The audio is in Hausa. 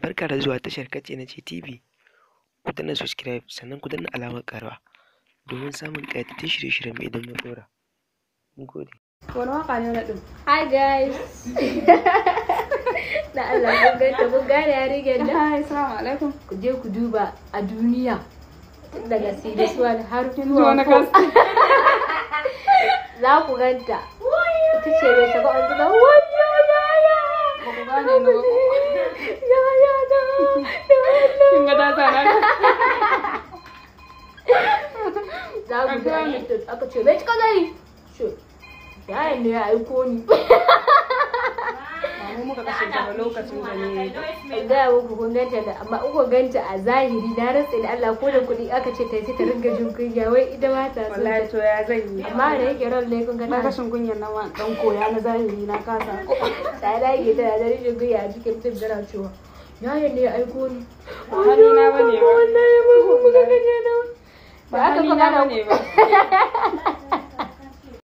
Barka da zuwa tashar Kace-na-ce TV. Ku danna subscribe sannan ku danna alamar ƙarawa domin samun ƙayatattun shirye-shiryen mai idan na dora Mun gode. Wani waka ne wani ɗin? Hi guys! Da Allah kun ganta kun gane yarinyar da? Hi, salamu alaikum. Ku je ku duba a duniya. Daga Sidi Suwan har kasu? Za ku ganta. Ita ce mai taɓa an zuba. za ta ba da ganta amma a zahiri na rantsa da Allah ko da kuɗi aka ce ta sai ta ringa jin kunya wai ita ba ta so wallahi to ya zan yi amma da yake ran ne kun ga na kashin kunyar dan koya na zahiri na kasa ta dage ta da jin kunya a cikin tun tana cewa yayin ne ya aiko ni wallahi ba mu ga ganye na ba aka faɗa ba